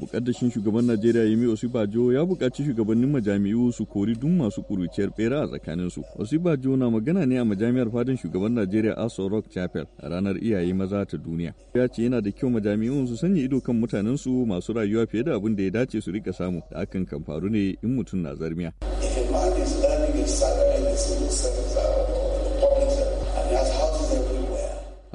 mukaddashin shugaban najeriya yemi osibajo ya buƙaci shugabannin majami'u su kori duk masu ƙuruciyar bera a tsakaninsu osibajo na magana ne a majami'ar fadin shugaban najeriya aso rock chapel a ranar iyaye maza ta duniya ya ce yana da kyau majami'un su sanya ido kan mutanensu masu rayuwa fiye da abin da ya dace su rika samu da hakan kan faru ne in mutum na zarmiya.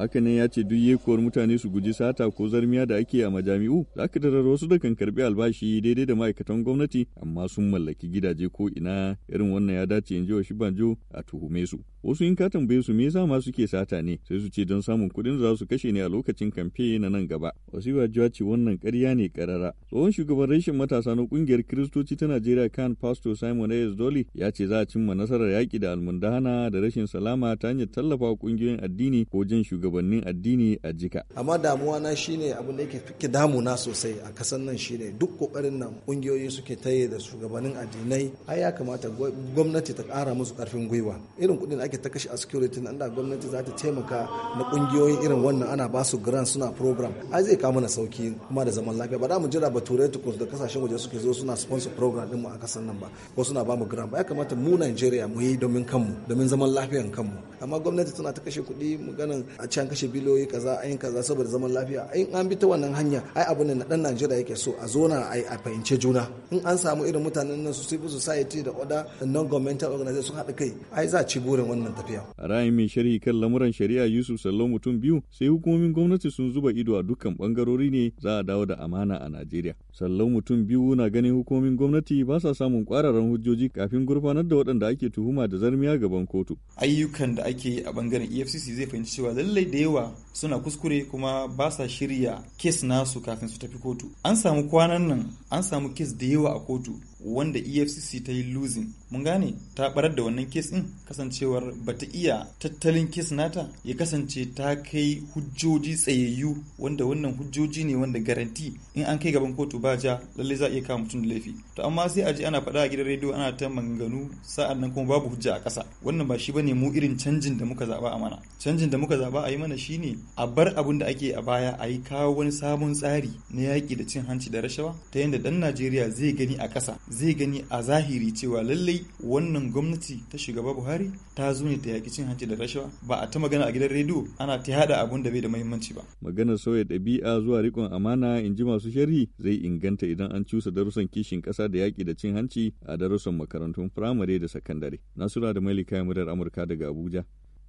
hakanan ya ce duk yekuwar mutane su guji sata ko zarmiya da ake a majami'u za ka tarar wasu da kan karbi albashi daidai da ma'aikatan gwamnati amma sun mallaki gidaje ko ina irin wannan ya dace in ji wa shi banjo a tuhume su wasu in ka tambaye su me yasa ma suke sata ne sai su ce don samun kuɗin za su kashe ne a lokacin kamfe na nan gaba wasiwa jiwa ce wannan karya ne karara tsohon shugaban rashin matasa na kungiyar kiristoci ta najeriya kan pastor simon ayes dole ya ce za a cimma nasarar yaƙi da almundana da rashin salama ta hanyar tallafa ƙungiyoyin addini ko jan shugabannin addini a jika amma damuwa na shine abu da yake damu damuna sosai a kasan nan shine duk kokarin nan ƙungiyoyi suke taye da shugabannin addinai ai ya kamata gwamnati ta ƙara musu ƙarfin gwiwa irin kudin ake ake ta kashe a security nan da gwamnati za ta taimaka na kungiyoyin irin wannan ana ba su grant suna program ai zai kawo mana sauki kuma da zaman lafiya ba za mu jira ba ture tukus da kasashen waje suke zo suna sponsor program din mu a kasan nan ba ko suna ba mu grant ba ya kamata mu nigeria mu yi domin kanmu domin zaman lafiyan kanmu amma gwamnati tana ta kashe kuɗi maganan a can kashe biliyoyi kaza ayin kaza saboda zaman lafiya in an bi ta wannan hanya ai abu ne na dan Najeriya yake so a zona ai a fahimce juna in an samu irin mutanen nan su civil society da oda non governmental organization su haɗa kai ai za a ci burin wannan tafiya. Ra'ayin mai sharhi kan lamuran shari'a Yusuf Sallo mutum biyu sai hukumomin gwamnati sun zuba ido a dukkan bangarori ne za a dawo da amana a Najeriya. Sallo mutum biyu na ganin hukumomin gwamnati ba sa samun kwararan hujjoji kafin gurfanar da waɗanda ake tuhuma da zarmiya gaban kotu. Ayyukan da ake yi a bangaren EFCC zai fahimci cewa lallai da yawa suna kuskure kuma ba sa shirya kes nasu kafin su tafi kotu. An samu kwanan nan an samu kes da yawa a kotu wanda efcc ta yi losing mun gane ta barar da wannan kes din kasancewar bata iya tattalin kes nata ya kasance ta kai hujjoji tsayayyu wanda wannan hujjoji ne wanda garanti in an kai gaban kotu ba ja lalle za a iya kama mutum da laifi to amma sai a ji ana faɗa a gidan rediyo ana ta maganganu sa'an nan kuma babu hujja a ƙasa wannan ba shi bane mu irin canjin da muka zaba a mana canjin da muka zaba a yi mana shine a bar abin da ake a baya a yi kawo wani sabon tsari na yaƙi da cin hanci da rashawa ta yadda dan Najeriya zai gani a ƙasa zai gani a zahiri cewa lallai wannan gwamnati ta shugaba buhari ta zo ne ta yaƙi cin hanci da rashawa ba a ta magana a gidan rediyo ana ta haɗa abun da bai da mahimmanci ba maganar sauya ɗabi'a zuwa riƙon amana in ji masu sharhi zai inganta idan an cusa darussan kishin ƙasa da yaƙi da cin hanci a darussan makarantun firamare da sakandare nasura da mailika murar amurka daga abuja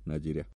najeriya